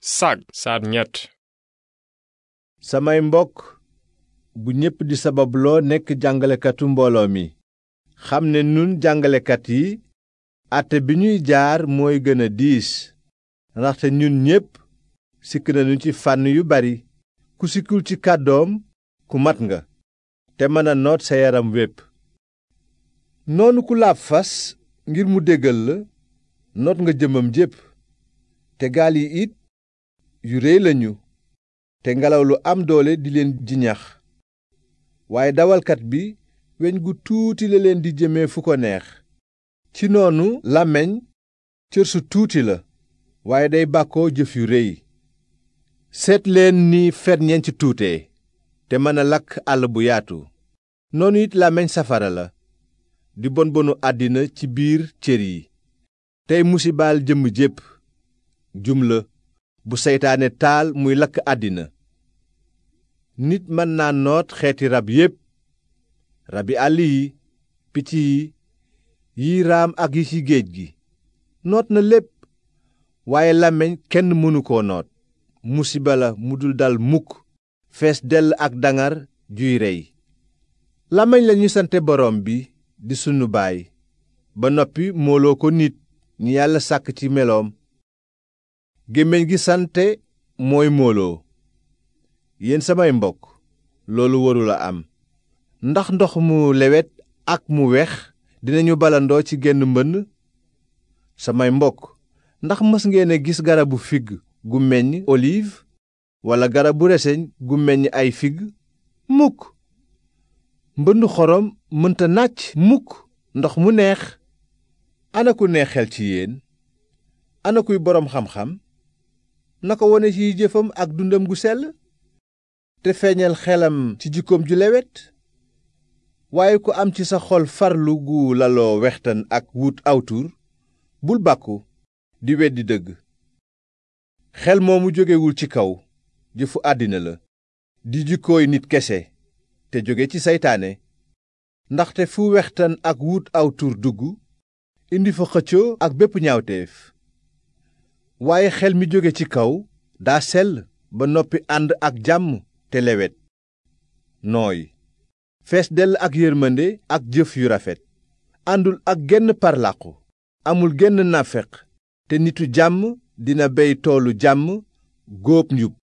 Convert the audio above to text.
sag samay mbokk bu ñépp di sababloo nekk jàngalekatu mbooloo mi xam ne nun jàngalekat yi àtte bi ñuy jaar mooy gën a diis ndaxte ñun ñépp sikk nañu ci fànn yu bari ku sikkul ci kàddoom ku mat nga te mën a noot sa yaram wépp noonu ku laab fas ngir mu déggal la noot nga jëmam jépp te gaal yi it yu réy lañu te ngelaw lu am doole di leen jiñax waaye dawalkat bi weñ gu tuuti la leen di jëmee fu ko neex ci noonu làmmeñ cër su tuuti la waaye day bàkkoo jëf yu réy seet leen ni ferñeent ci tuute te mën a lakk àll bu yaatu noonu it làmmiñ safara la di bon bonu àddina ci biir cër yi tey musibaal jëmm jépp jum la bu seytaane taal muy lakk àddina nit mën naa noot xeeti rab yépp rabi àll yi picc yi yi raam ak yi ci géej gi noot na lépp waaye làmmiñ kenn mënu koo noot musiba la mu dul dal mukk fees dell ak dangar juy rey làmmiñ lañu sante boroom bi di sunu baay ba noppi mooloo ko nit ñi yàlla sàkk ci meloom gémmiñ gi sante mooy mbooloo yéen samay mbokk loolu warula am ndax ndox mu lewet ak mu wex dinañu balandoo ci genn mbënn samay mbokk ndax mës ngeen a gis garabu figg gu meññ olive walla garabu reseñ gu meññ ay figg mukk mbënn xorom mënta nàcc mukk ndox mu neex ana ku neex xel ci yéen ana boroom xam-xam na ko wone ci jëfam ak dundam gu sell te feeñal xelam ci jikkoom ju lewet waaye ku am ci sa xol farlu gu laloo wextan ak wut awtur bul bàkku di weddi dëgg xel moomu jógewul ci kaw jëfu àddina la di jikkooy nit kese te jóge ci seytaane ndaxte fu wextan ak wut awtur dugg indi fa xëccoo ak bépp ñaawteef waaye xel mi jóge ci kaw daa sell ba noppi ànd ak jàmm te lewet nooy fees dell ak yërmande ak jëf yu rafet àndul ak genn parlaqu amul genn nafeq te nitu jàmm dina bey toolu jàmm góob njub